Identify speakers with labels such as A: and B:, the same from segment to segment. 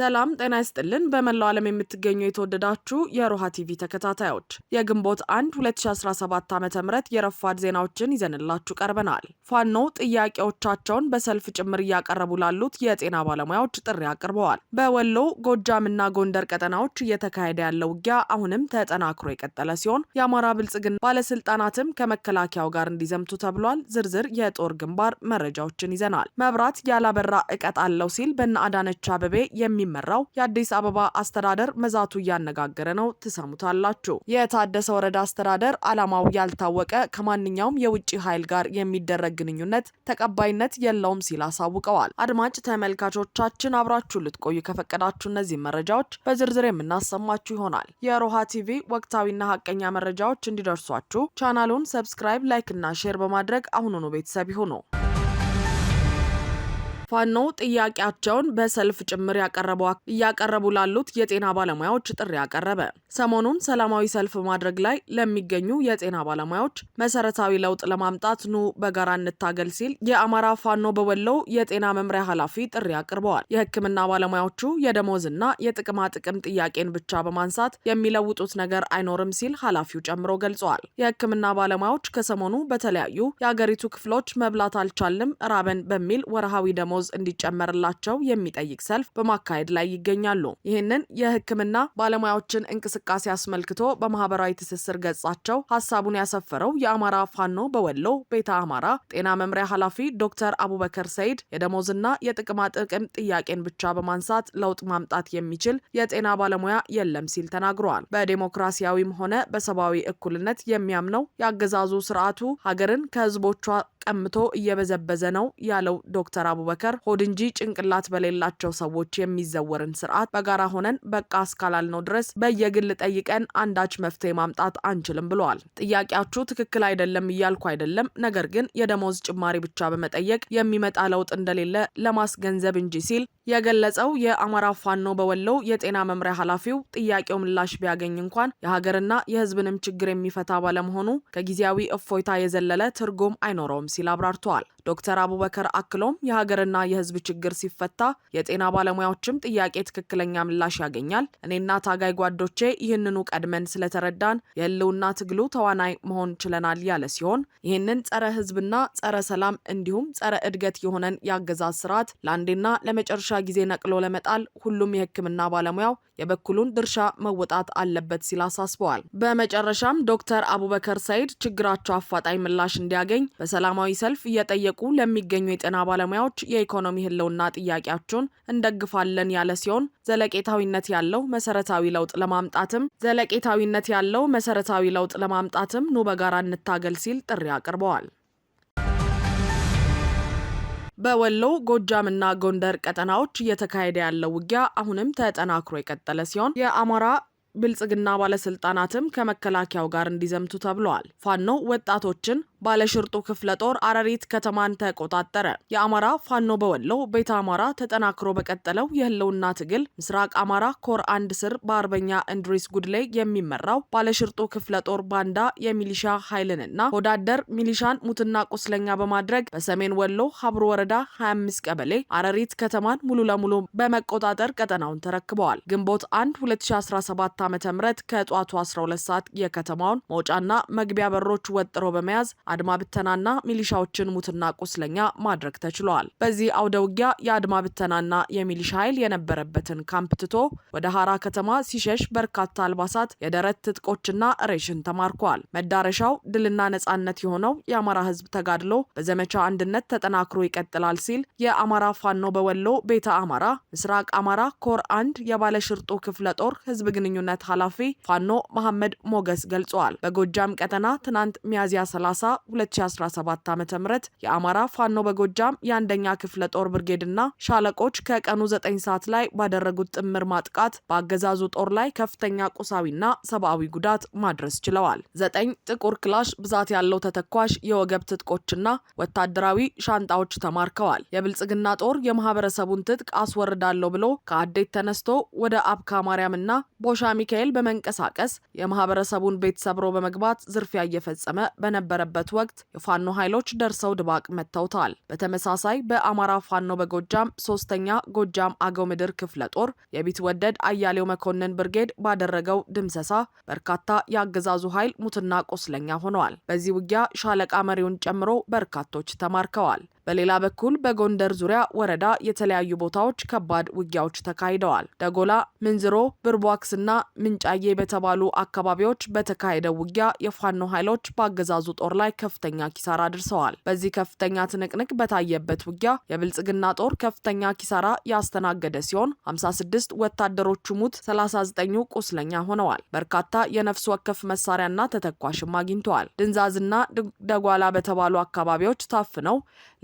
A: ሰላም ጤና ይስጥልን። በመላው ዓለም የምትገኙ የተወደዳችሁ የሮሃ ቲቪ ተከታታዮች የግንቦት 1 2017 ዓ.ም የረፋድ ዜናዎችን ይዘንላችሁ ቀርበናል። ፋኖ ጥያቄዎቻቸውን በሰልፍ ጭምር እያቀረቡ ላሉት የጤና ባለሙያዎች ጥሪ አቅርበዋል። በወሎ ጎጃምና ጎንደር ቀጠናዎች እየተካሄደ ያለው ውጊያ አሁንም ተጠናክሮ የቀጠለ ሲሆን የአማራ ብልጽግና ባለስልጣናትም ከመከላከያው ጋር እንዲዘምቱ ተብሏል። ዝርዝር የጦር ግንባር መረጃዎችን ይዘናል። መብራት ያላበራ እቀጣለሁ ሲል በነ አዳነች አበቤ የሚ የሚመራው የአዲስ አበባ አስተዳደር መዛቱ እያነጋገረ ነው። ትሰሙታላችሁ። የታደሰ ወረዳ አስተዳደር ዓላማው ያልታወቀ ከማንኛውም የውጭ ኃይል ጋር የሚደረግ ግንኙነት ተቀባይነት የለውም ሲል አሳውቀዋል። አድማጭ ተመልካቾቻችን አብራችሁ ልትቆዩ ከፈቀዳችሁ እነዚህ መረጃዎች በዝርዝር የምናሰማችሁ ይሆናል። የሮሃ ቲቪ ወቅታዊና ሀቀኛ መረጃዎች እንዲደርሷችሁ ቻናሉን ሰብስክራይብ፣ ላይክ እና ሼር በማድረግ አሁኑኑ ቤተሰብ ይሁኑ። ፋኖ ጥያቄያቸውን በሰልፍ ጭምር እያቀረቡ ላሉት የጤና ባለሙያዎች ጥሪ አቀረበ። ሰሞኑን ሰላማዊ ሰልፍ ማድረግ ላይ ለሚገኙ የጤና ባለሙያዎች መሰረታዊ ለውጥ ለማምጣት ኑ በጋራ እንታገል ሲል የአማራ ፋኖ በወሎ የጤና መምሪያ ኃላፊ ጥሪ አቅርበዋል። የሕክምና ባለሙያዎቹ የደሞዝና ጥቅም ጥያቄን ብቻ በማንሳት የሚለውጡት ነገር አይኖርም ሲል ኃላፊው ጨምሮ ገልጸዋል። የሕክምና ባለሙያዎች ከሰሞኑ በተለያዩ የአገሪቱ ክፍሎች መብላት አልቻልም ራበን በሚል ወርሃዊ ደሞዝ ደሞዝ እንዲጨመርላቸው የሚጠይቅ ሰልፍ በማካሄድ ላይ ይገኛሉ። ይህንን የሕክምና ባለሙያዎችን እንቅስቃሴ አስመልክቶ በማህበራዊ ትስስር ገጻቸው ሀሳቡን ያሰፈረው የአማራ ፋኖ በወሎ ቤተ አማራ ጤና መምሪያ ኃላፊ ዶክተር አቡበከር ሰይድ የደሞዝና የጥቅማ ጥቅም ጥያቄን ብቻ በማንሳት ለውጥ ማምጣት የሚችል የጤና ባለሙያ የለም ሲል ተናግረዋል። በዴሞክራሲያዊም ሆነ በሰብአዊ እኩልነት የሚያምነው የአገዛዙ ስርዓቱ ሀገርን ከህዝቦቿ ቀምቶ እየበዘበዘ ነው ያለው ዶክተር አቡበከር ሆድ እንጂ ጭንቅላት በሌላቸው ሰዎች የሚዘወርን ስርዓት በጋራ ሆነን በቃ እስካላልነው ነው ድረስ በየግል ጠይቀን አንዳች መፍትሄ ማምጣት አንችልም ብለዋል። ጥያቄያችሁ ትክክል አይደለም እያልኩ አይደለም፣ ነገር ግን የደሞዝ ጭማሪ ብቻ በመጠየቅ የሚመጣ ለውጥ እንደሌለ ለማስገንዘብ እንጂ ሲል የገለጸው የአማራ ፋኖ በወለው የጤና መምሪያ ኃላፊው ጥያቄው ምላሽ ቢያገኝ እንኳን የሀገርና የህዝብንም ችግር የሚፈታ ባለመሆኑ ከጊዜያዊ እፎይታ የዘለለ ትርጉም አይኖረውም ሲል አብራርተዋል። ዶክተር አቡበከር አክሎም የሀገርና የህዝብ ችግር ሲፈታ የጤና ባለሙያዎችም ጥያቄ ትክክለኛ ምላሽ ያገኛል። እኔና ታጋይ ጓዶቼ ይህንኑ ቀድመን ስለተረዳን የህልውና ትግሉ ተዋናይ መሆን ችለናል ያለ ሲሆን ይህንን ጸረ ህዝብና ጸረ ሰላም እንዲሁም ጸረ እድገት የሆነን የአገዛዝ ስርዓት ለአንዴና ለመጨረሻ ጊዜ ነቅሎ ለመጣል ሁሉም የህክምና ባለሙያው የበኩሉን ድርሻ መወጣት አለበት ሲል አሳስበዋል። በመጨረሻም ዶክተር አቡበከር ሰይድ ችግራቸው አፋጣኝ ምላሽ እንዲያገኝ በሰላም ሰላማዊ ሰልፍ እየጠየቁ ለሚገኙ የጤና ባለሙያዎች የኢኮኖሚ ህልውና ጥያቄያቸውን እንደግፋለን ያለ ሲሆን ዘለቄታዊነት ያለው መሰረታዊ ለውጥ ለማምጣትም ዘለቄታዊነት ያለው መሰረታዊ ለውጥ ለማምጣትም ኑ በጋራ እንታገል ሲል ጥሪ አቅርበዋል። በወሎ ጎጃምና ጎንደር ቀጠናዎች እየተካሄደ ያለው ውጊያ አሁንም ተጠናክሮ የቀጠለ ሲሆን የአማራ ብልጽግና ባለስልጣናትም ከመከላከያው ጋር እንዲዘምቱ ተብለዋል። ፋኖ ወጣቶችን ባለሽርጡ ክፍለ ጦር አረሪት ከተማን ተቆጣጠረ። የአማራ ፋኖ በወሎ ቤተ አማራ ተጠናክሮ በቀጠለው የህልውና ትግል ምስራቅ አማራ ኮር አንድ ስር በአርበኛ እንድሪስ ጉድሌ የሚመራው ባለሽርጡ ክፍለ ጦር ባንዳ የሚሊሻ ኃይልንና ወዳደር ሚሊሻን ሙትና ቁስለኛ በማድረግ በሰሜን ወሎ ሀብሩ ወረዳ 25 ቀበሌ አረሪት ከተማን ሙሉ ለሙሉ በመቆጣጠር ቀጠናውን ተረክበዋል። ግንቦት 1 2017 2017 ዓ.ም ከጧቱ 12 ሰዓት የከተማውን መውጫና መግቢያ በሮች ወጥሮ በመያዝ አድማ ብተናና ሚሊሻዎችን ሙትና ቁስለኛ ማድረግ ተችሏል። በዚህ አውደ ውጊያ የአድማ ብተናና የሚሊሻ ኃይል የነበረበትን ካምፕ ትቶ ወደ ሀራ ከተማ ሲሸሽ በርካታ አልባሳት፣ የደረት ትጥቆችና ሬሽን ተማርከዋል። መዳረሻው ድልና ነጻነት የሆነው የአማራ ህዝብ ተጋድሎ በዘመቻ አንድነት ተጠናክሮ ይቀጥላል ሲል የአማራ ፋኖ በወሎ ቤተ አማራ ምስራቅ አማራ ኮር አንድ የባለሽርጡ ክፍለ ጦር ህዝብ ግንኙነት ግንኙነት ኃላፊ ፋኖ መሐመድ ሞገስ ገልጸዋል። በጎጃም ቀጠና ትናንት ሚያዝያ 30 2017 ዓ ም የአማራ ፋኖ በጎጃም የአንደኛ ክፍለ ጦር ብርጌድና ሻለቆች ከቀኑ 9 ሰዓት ላይ ባደረጉት ጥምር ማጥቃት በአገዛዙ ጦር ላይ ከፍተኛ ቁሳዊና ሰብአዊ ጉዳት ማድረስ ችለዋል። ዘጠኝ ጥቁር ክላሽ ብዛት ያለው ተተኳሽ የወገብ ትጥቆችና ወታደራዊ ሻንጣዎች ተማርከዋል። የብልጽግና ጦር የማህበረሰቡን ትጥቅ አስወርዳለሁ ብሎ ከአዴት ተነስቶ ወደ አብካ ማርያምና ቦሻሚ ሚካኤል በመንቀሳቀስ የማህበረሰቡን ቤት ሰብሮ በመግባት ዝርፊያ እየፈጸመ በነበረበት ወቅት የፋኖ ኃይሎች ደርሰው ድባቅ መትተውታል። በተመሳሳይ በአማራ ፋኖ በጎጃም ሶስተኛ ጎጃም አገው ምድር ክፍለ ጦር ወደድ አያሌው መኮንን ብርጌድ ባደረገው ድምሰሳ በርካታ የአገዛዙ ኃይል ሙትና ቆስለኛ ሆነዋል። በዚህ ውጊያ ሻለቃ መሪውን ጨምሮ በርካቶች ተማርከዋል። በሌላ በኩል በጎንደር ዙሪያ ወረዳ የተለያዩ ቦታዎች ከባድ ውጊያዎች ተካሂደዋል። ደጎላ፣ ምንዝሮ፣ ብርቧክስና ምንጫዬ በተባሉ አካባቢዎች በተካሄደው ውጊያ የፋኖ ኃይሎች በአገዛዙ ጦር ላይ ከፍተኛ ኪሳራ አድርሰዋል። በዚህ ከፍተኛ ትንቅንቅ በታየበት ውጊያ የብልጽግና ጦር ከፍተኛ ኪሳራ ያስተናገደ ሲሆን 56 ወታደሮቹ ሙት፣ 39ኙ ቁስለኛ ሆነዋል። በርካታ የነፍስ ወከፍ መሳሪያና ተተኳሽም አግኝተዋል። ድንዛዝና ደጓላ በተባሉ አካባቢዎች ታፍነው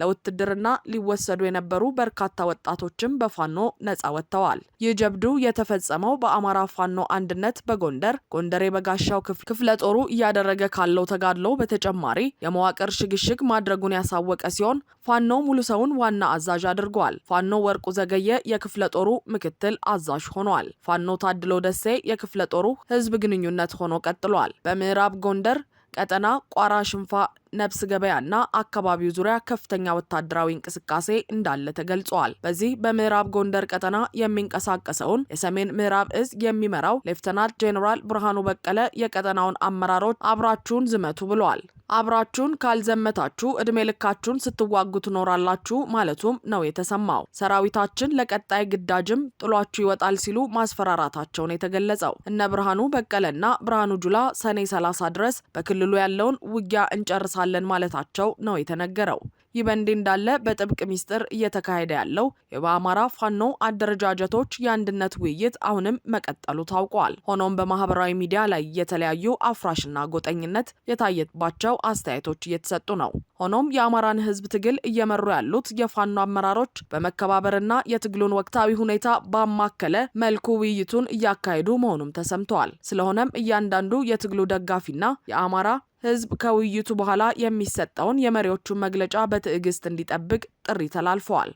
A: ለውትድርና ሊወሰዱ የነበሩ በርካታ ወጣቶችም በፋኖ ነጻ ወጥተዋል። ይህ ጀብዱ የተፈጸመው በአማራ ፋኖ አንድነት በጎንደር ጎንደሬ በጋሻው ክፍለ ጦሩ እያደረገ ካለው ተጋድሎ በተጨማሪ የመዋቅር ሽግሽግ ማድረጉን ያሳወቀ ሲሆን ፋኖ ሙሉ ሰውን ዋና አዛዥ አድርጓል። ፋኖ ወርቁ ዘገየ የክፍለ ጦሩ ምክትል አዛዥ ሆኗል። ፋኖ ታድሎ ደሴ የክፍለ ጦሩ ህዝብ ግንኙነት ሆኖ ቀጥሏል። በምዕራብ ጎንደር ቀጠና ቋራ ሽንፋ ነብስ ገበያና አካባቢው ዙሪያ ከፍተኛ ወታደራዊ እንቅስቃሴ እንዳለ ተገልጿል። በዚህ በምዕራብ ጎንደር ቀጠና የሚንቀሳቀሰውን የሰሜን ምዕራብ እዝ የሚመራው ሌፍተናንት ጄኔራል ብርሃኑ በቀለ የቀጠናውን አመራሮች አብራችሁን ዝመቱ ብለዋል። አብራችሁን ካልዘመታችሁ እድሜ ልካችሁን ስትዋጉ ትኖራላችሁ ማለቱም ነው የተሰማው። ሰራዊታችን ለቀጣይ ግዳጅም ጥሏችሁ ይወጣል ሲሉ ማስፈራራታቸውን የተገለጸው እነ ብርሃኑ በቀለና ብርሃኑ ጁላ ሰኔ 30 ድረስ በክልሉ ያለውን ውጊያ እንጨርሳለን እንፈጽማለን ማለታቸው ነው የተነገረው። ይህ በእንዲህ እንዳለ በጥብቅ ሚስጥር እየተካሄደ ያለው የበአማራ ፋኖ አደረጃጀቶች የአንድነት ውይይት አሁንም መቀጠሉ ታውቋል። ሆኖም በማህበራዊ ሚዲያ ላይ የተለያዩ አፍራሽና ጎጠኝነት የታየባቸው አስተያየቶች እየተሰጡ ነው። ሆኖም የአማራን ሕዝብ ትግል እየመሩ ያሉት የፋኖ አመራሮች በመከባበርና የትግሉን ወቅታዊ ሁኔታ ባማከለ መልኩ ውይይቱን እያካሄዱ መሆኑም ተሰምተዋል። ስለሆነም እያንዳንዱ የትግሉ ደጋፊና የአማራ ህዝብ ከውይይቱ በኋላ የሚሰጠውን የመሪዎቹን መግለጫ በትዕግስት እንዲጠብቅ ጥሪ ተላልፈዋል።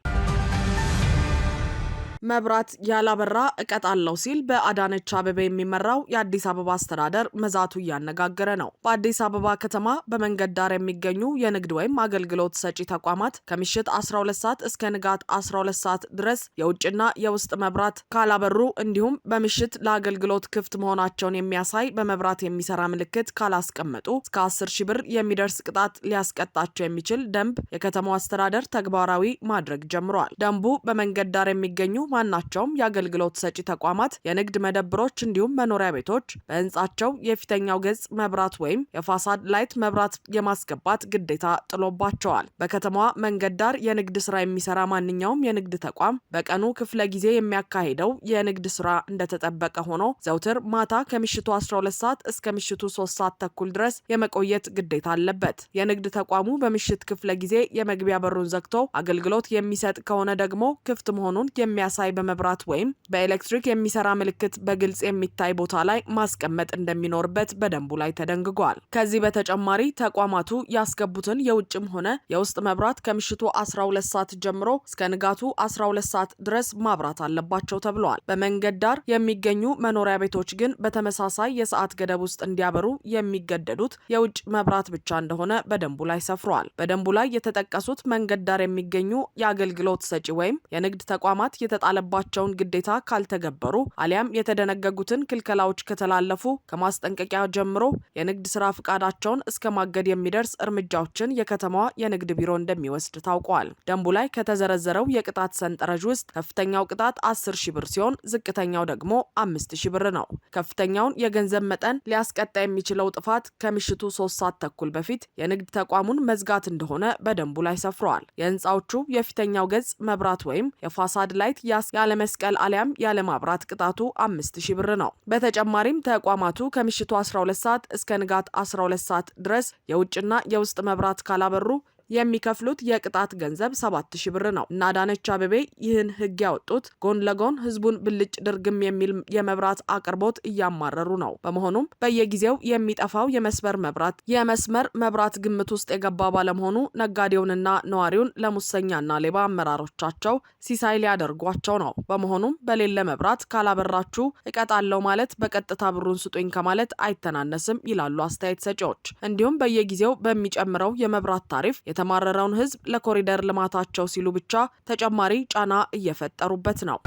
A: መብራት ያላበራ እቀጣለሁ ሲል በአዳነች አበበ የሚመራው የአዲስ አበባ አስተዳደር መዛቱ እያነጋገረ ነው። በአዲስ አበባ ከተማ በመንገድ ዳር የሚገኙ የንግድ ወይም አገልግሎት ሰጪ ተቋማት ከምሽት 12 ሰዓት እስከ ንጋት 12 ሰዓት ድረስ የውጭና የውስጥ መብራት ካላበሩ እንዲሁም በምሽት ለአገልግሎት ክፍት መሆናቸውን የሚያሳይ በመብራት የሚሰራ ምልክት ካላስቀመጡ እስከ 10 ሺ ብር የሚደርስ ቅጣት ሊያስቀጣቸው የሚችል ደንብ የከተማው አስተዳደር ተግባራዊ ማድረግ ጀምሯል። ደንቡ በመንገድ ዳር የሚገኙ ማናቸውም የአገልግሎት ሰጪ ተቋማት፣ የንግድ መደብሮች እንዲሁም መኖሪያ ቤቶች በህንጻቸው የፊተኛው ገጽ መብራት ወይም የፋሳድ ላይት መብራት የማስገባት ግዴታ ጥሎባቸዋል። በከተማዋ መንገድ ዳር የንግድ ስራ የሚሰራ ማንኛውም የንግድ ተቋም በቀኑ ክፍለ ጊዜ የሚያካሂደው የንግድ ስራ እንደተጠበቀ ሆኖ ዘውትር ማታ ከምሽቱ 12 ሰዓት እስከ ምሽቱ 3 ሰዓት ተኩል ድረስ የመቆየት ግዴታ አለበት። የንግድ ተቋሙ በምሽት ክፍለ ጊዜ የመግቢያ በሩን ዘግቶ አገልግሎት የሚሰጥ ከሆነ ደግሞ ክፍት መሆኑን የሚያሳ ተመሳሳይ በመብራት ወይም በኤሌክትሪክ የሚሰራ ምልክት በግልጽ የሚታይ ቦታ ላይ ማስቀመጥ እንደሚኖርበት በደንቡ ላይ ተደንግጓል። ከዚህ በተጨማሪ ተቋማቱ ያስገቡትን የውጭም ሆነ የውስጥ መብራት ከምሽቱ 12 ሰዓት ጀምሮ እስከ ንጋቱ 12 ሰዓት ድረስ ማብራት አለባቸው ተብለዋል። በመንገድ ዳር የሚገኙ መኖሪያ ቤቶች ግን በተመሳሳይ የሰዓት ገደብ ውስጥ እንዲያበሩ የሚገደዱት የውጭ መብራት ብቻ እንደሆነ በደንቡ ላይ ሰፍሯል። በደንቡ ላይ የተጠቀሱት መንገድ ዳር የሚገኙ የአገልግሎት ሰጪ ወይም የንግድ ተቋማት የተጣ የተጣለባቸውን ግዴታ ካልተገበሩ አሊያም የተደነገጉትን ክልከላዎች ከተላለፉ ከማስጠንቀቂያ ጀምሮ የንግድ ስራ ፍቃዳቸውን እስከ ማገድ የሚደርስ እርምጃዎችን የከተማዋ የንግድ ቢሮ እንደሚወስድ ታውቋል። ደንቡ ላይ ከተዘረዘረው የቅጣት ሰንጠረዥ ውስጥ ከፍተኛው ቅጣት አስር ሺ ብር ሲሆን ዝቅተኛው ደግሞ አምስት ሺ ብር ነው። ከፍተኛውን የገንዘብ መጠን ሊያስቀጣ የሚችለው ጥፋት ከምሽቱ ሶስት ሰዓት ተኩል በፊት የንግድ ተቋሙን መዝጋት እንደሆነ በደንቡ ላይ ሰፍረዋል። የህንፃዎቹ የፊተኛው ገጽ መብራት ወይም የፋሳድ ላይት ያ ያለ መስቀል አሊያም ያለማብራት ቅጣቱ አምስት ሺህ ብር ነው። በተጨማሪም ተቋማቱ ከምሽቱ 12 ሰዓት እስከ ንጋት 12 ሰዓት ድረስ የውጭና የውስጥ መብራት ካላበሩ የሚከፍሉት የቅጣት ገንዘብ 7000 ብር ነው። እና አዳነች አቤቤ ይህን ህግ ያወጡት ጎን ለጎን ህዝቡን ብልጭ ድርግም የሚል የመብራት አቅርቦት እያማረሩ ነው። በመሆኑም በየጊዜው የሚጠፋው የመስመር መብራት የመስመር መብራት ግምት ውስጥ የገባ ባለመሆኑ ነጋዴውንና ነዋሪውን ለሙሰኛና ሌባ አመራሮቻቸው ሲሳይ ሊያደርጓቸው ነው። በመሆኑም በሌለ መብራት ካላበራችሁ እቀጣለሁ ማለት በቀጥታ ብሩን ስጡኝ ከማለት አይተናነስም ይላሉ አስተያየት ሰጪዎች። እንዲሁም በየጊዜው በሚጨምረው የመብራት ታሪፍ የተማረረውን ህዝብ ለኮሪደር ልማታቸው ሲሉ ብቻ ተጨማሪ ጫና እየፈጠሩበት ነው።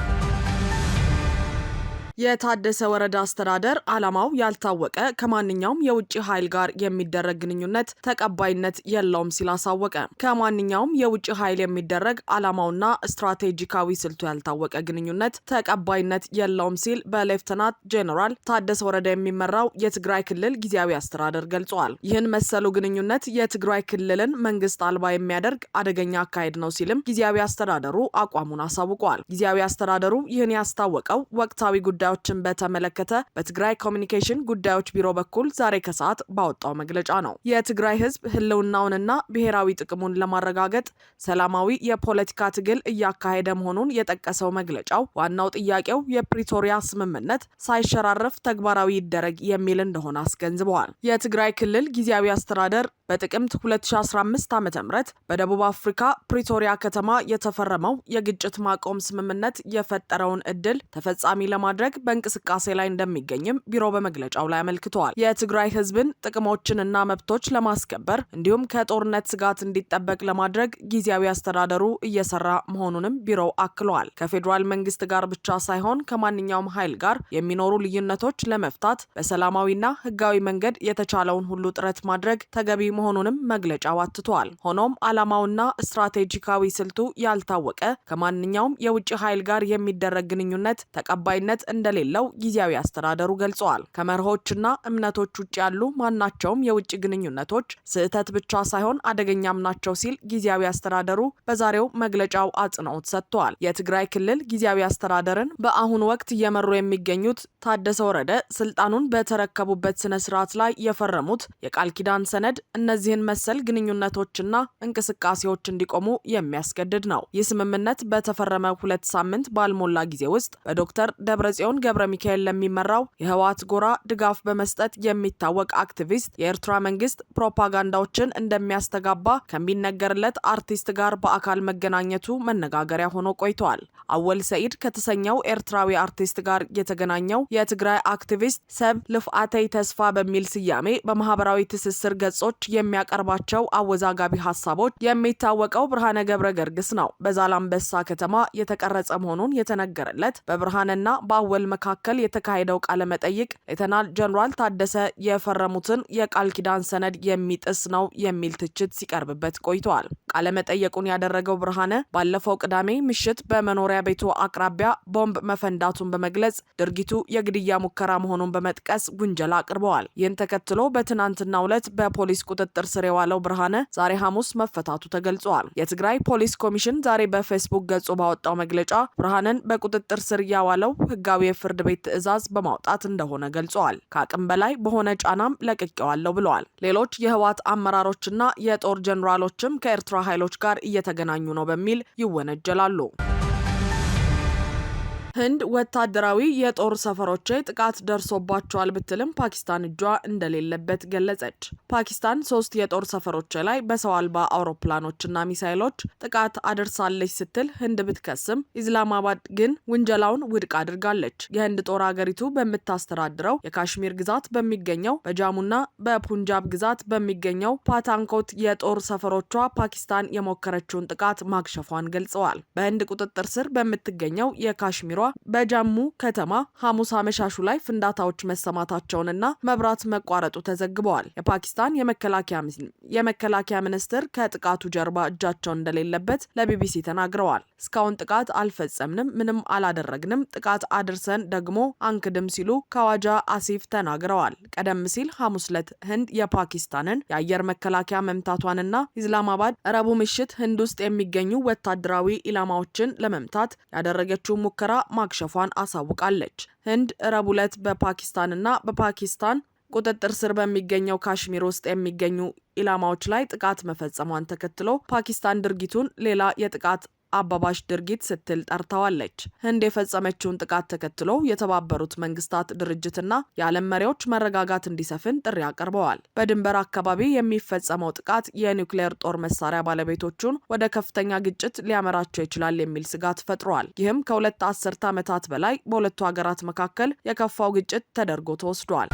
A: የታደሰ ወረዳ አስተዳደር ዓላማው ያልታወቀ ከማንኛውም የውጭ ኃይል ጋር የሚደረግ ግንኙነት ተቀባይነት የለውም ሲል አሳወቀ። ከማንኛውም የውጭ ኃይል የሚደረግ ዓላማውና ስትራቴጂካዊ ስልቱ ያልታወቀ ግንኙነት ተቀባይነት የለውም ሲል በሌፍተናንት ጄኔራል ታደሰ ወረዳ የሚመራው የትግራይ ክልል ጊዜያዊ አስተዳደር ገልጿል። ይህን መሰሉ ግንኙነት የትግራይ ክልልን መንግስት አልባ የሚያደርግ አደገኛ አካሄድ ነው ሲልም ጊዜያዊ አስተዳደሩ አቋሙን አሳውቋል። ጊዜያዊ አስተዳደሩ ይህን ያስታወቀው ወቅታዊ ጉዳይ ጉዳዮችን በተመለከተ በትግራይ ኮሚኒኬሽን ጉዳዮች ቢሮ በኩል ዛሬ ከሰዓት ባወጣው መግለጫ ነው። የትግራይ ህዝብ ህልውናውንና ብሔራዊ ጥቅሙን ለማረጋገጥ ሰላማዊ የፖለቲካ ትግል እያካሄደ መሆኑን የጠቀሰው መግለጫው ዋናው ጥያቄው የፕሪቶሪያ ስምምነት ሳይሸራረፍ ተግባራዊ ይደረግ የሚል እንደሆነ አስገንዝበዋል። የትግራይ ክልል ጊዜያዊ አስተዳደር በጥቅምት 2015 ዓ ም በደቡብ አፍሪካ ፕሪቶሪያ ከተማ የተፈረመው የግጭት ማቆም ስምምነት የፈጠረውን እድል ተፈጻሚ ለማድረግ በእንቅስቃሴ ላይ እንደሚገኝም ቢሮ በመግለጫው ላይ አመልክተዋል። የትግራይ ህዝብን ጥቅሞችንና መብቶች ለማስከበር እንዲሁም ከጦርነት ስጋት እንዲጠበቅ ለማድረግ ጊዜያዊ አስተዳደሩ እየሰራ መሆኑንም ቢሮው አክለዋል። ከፌዴራል መንግስት ጋር ብቻ ሳይሆን ከማንኛውም ኃይል ጋር የሚኖሩ ልዩነቶች ለመፍታት በሰላማዊና ህጋዊ መንገድ የተቻለውን ሁሉ ጥረት ማድረግ ተገቢ መሆኑንም መግለጫው አትቷል። ሆኖም ዓላማውና ስትራቴጂካዊ ስልቱ ያልታወቀ ከማንኛውም የውጭ ኃይል ጋር የሚደረግ ግንኙነት ተቀባይነት እንደሌለው ጊዜያዊ አስተዳደሩ ገልጸዋል። ከመርሆችና እምነቶች ውጭ ያሉ ማናቸውም የውጭ ግንኙነቶች ስህተት ብቻ ሳይሆን አደገኛም ናቸው ሲል ጊዜያዊ አስተዳደሩ በዛሬው መግለጫው አጽንኦት ሰጥቷል። የትግራይ ክልል ጊዜያዊ አስተዳደርን በአሁኑ ወቅት እየመሩ የሚገኙት ታደሰ ወረደ ስልጣኑን በተረከቡበት ስነ ስርዓት ላይ የፈረሙት የቃል ኪዳን ሰነድ እነዚህን መሰል ግንኙነቶችና እንቅስቃሴዎች እንዲቆሙ የሚያስገድድ ነው። ይህ ስምምነት በተፈረመ ሁለት ሳምንት ባልሞላ ጊዜ ውስጥ በዶክተር ደብረጽዮን ገብረ ሚካኤል ለሚመራው የህወሓት ጎራ ድጋፍ በመስጠት የሚታወቅ አክቲቪስት የኤርትራ መንግስት ፕሮፓጋንዳዎችን እንደሚያስተጋባ ከሚነገርለት አርቲስት ጋር በአካል መገናኘቱ መነጋገሪያ ሆኖ ቆይተዋል። አወል ሰኢድ ከተሰኘው ኤርትራዊ አርቲስት ጋር የተገናኘው የትግራይ አክቲቪስት ሰብ ልፍአተይ ተስፋ በሚል ስያሜ በማህበራዊ ትስስር ገጾች የሚያቀርባቸው አወዛጋቢ ሀሳቦች የሚታወቀው ብርሃነ ገብረ ገርግስ ነው። በዛላምበሳ ከተማ የተቀረጸ መሆኑን የተነገረለት በብርሃንና በአወል መካከል የተካሄደው ቃለመጠይቅ ሌተናል ጀኔራል ታደሰ የፈረሙትን የቃል ኪዳን ሰነድ የሚጥስ ነው የሚል ትችት ሲቀርብበት ቆይቷል። ቃለመጠየቁን ያደረገው ብርሃነ ባለፈው ቅዳሜ ምሽት በመኖሪያ ቤቱ አቅራቢያ ቦምብ መፈንዳቱን በመግለጽ ድርጊቱ የግድያ ሙከራ መሆኑን በመጥቀስ ውንጀላ አቅርበዋል። ይህን ተከትሎ በትናንትናው ዕለት በፖሊስ ቁጥጥር ስር የዋለው ብርሃነ ዛሬ ሐሙስ መፈታቱ ተገልጿል። የትግራይ ፖሊስ ኮሚሽን ዛሬ በፌስቡክ ገጹ ባወጣው መግለጫ ብርሃንን በቁጥጥር ስር ያዋለው ህጋዊ የፍርድ ቤት ትዕዛዝ በማውጣት እንደሆነ ገልጸዋል። ከአቅም በላይ በሆነ ጫናም ለቅቄዋለሁ ብለዋል። ሌሎች የህወሓት አመራሮችና የጦር ጀኔራሎችም ከኤርትራ ኃይሎች ጋር እየተገናኙ ነው በሚል ይወነጀላሉ። ህንድ ወታደራዊ የጦር ሰፈሮች ጥቃት ደርሶባቸዋል ብትልም ፓኪስታን እጇ እንደሌለበት ገለጸች። ፓኪስታን ሶስት የጦር ሰፈሮች ላይ በሰው አልባ አውሮፕላኖችና ሚሳይሎች ጥቃት አደርሳለች ስትል ህንድ ብትከስም ኢስላማባድ ግን ውንጀላውን ውድቅ አድርጋለች። የህንድ ጦር አገሪቱ በምታስተዳድረው የካሽሚር ግዛት በሚገኘው በጃሙና በፑንጃብ ግዛት በሚገኘው ፓታንኮት የጦር ሰፈሮቿ ፓኪስታን የሞከረችውን ጥቃት ማክሸፏን ገልጸዋል። በህንድ ቁጥጥር ስር በምትገኘው የካሽሚሯ በጃሙ ከተማ ሐሙስ አመሻሹ ላይ ፍንዳታዎች መሰማታቸውንና መብራት መቋረጡ ተዘግበዋል። የፓኪስታን የመከላከያ ሚኒስትር ከጥቃቱ ጀርባ እጃቸው እንደሌለበት ለቢቢሲ ተናግረዋል። እስካሁን ጥቃት አልፈጸምንም፣ ምንም አላደረግንም፣ ጥቃት አድርሰን ደግሞ አንክድም ሲሉ ከዋጃ አሲፍ ተናግረዋል። ቀደም ሲል ሐሙስ ዕለት ህንድ የፓኪስታንን የአየር መከላከያ መምታቷንና ኢስላማባድ ረቡዕ ምሽት ህንድ ውስጥ የሚገኙ ወታደራዊ ኢላማዎችን ለመምታት ያደረገችው ሙከራ ማክሸፏን አሳውቃለች። ህንድ ረቡዕ ዕለት በፓኪስታንና በፓኪስታን ቁጥጥር ስር በሚገኘው ካሽሚር ውስጥ የሚገኙ ኢላማዎች ላይ ጥቃት መፈጸሟን ተከትሎ ፓኪስታን ድርጊቱን ሌላ የጥቃት አባባሽ ድርጊት ስትል ጠርተዋለች። ህንድ የፈጸመችውን ጥቃት ተከትሎ የተባበሩት መንግስታት ድርጅትና የዓለም መሪዎች መረጋጋት እንዲሰፍን ጥሪ አቅርበዋል። በድንበር አካባቢ የሚፈጸመው ጥቃት የኒውክሌር ጦር መሳሪያ ባለቤቶቹን ወደ ከፍተኛ ግጭት ሊያመራቸው ይችላል የሚል ስጋት ፈጥሯል። ይህም ከሁለት አስርተ ዓመታት በላይ በሁለቱ ሀገራት መካከል የከፋው ግጭት ተደርጎ ተወስዷል።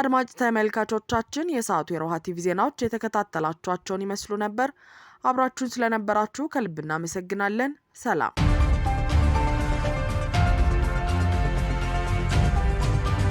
A: አድማጭ ተመልካቾቻችን የሰዓቱ የሮሃ ቲቪ ዜናዎች የተከታተላችኋቸውን ይመስሉ ነበር። አብራችሁን ስለነበራችሁ ከልብ እናመሰግናለን። ሰላም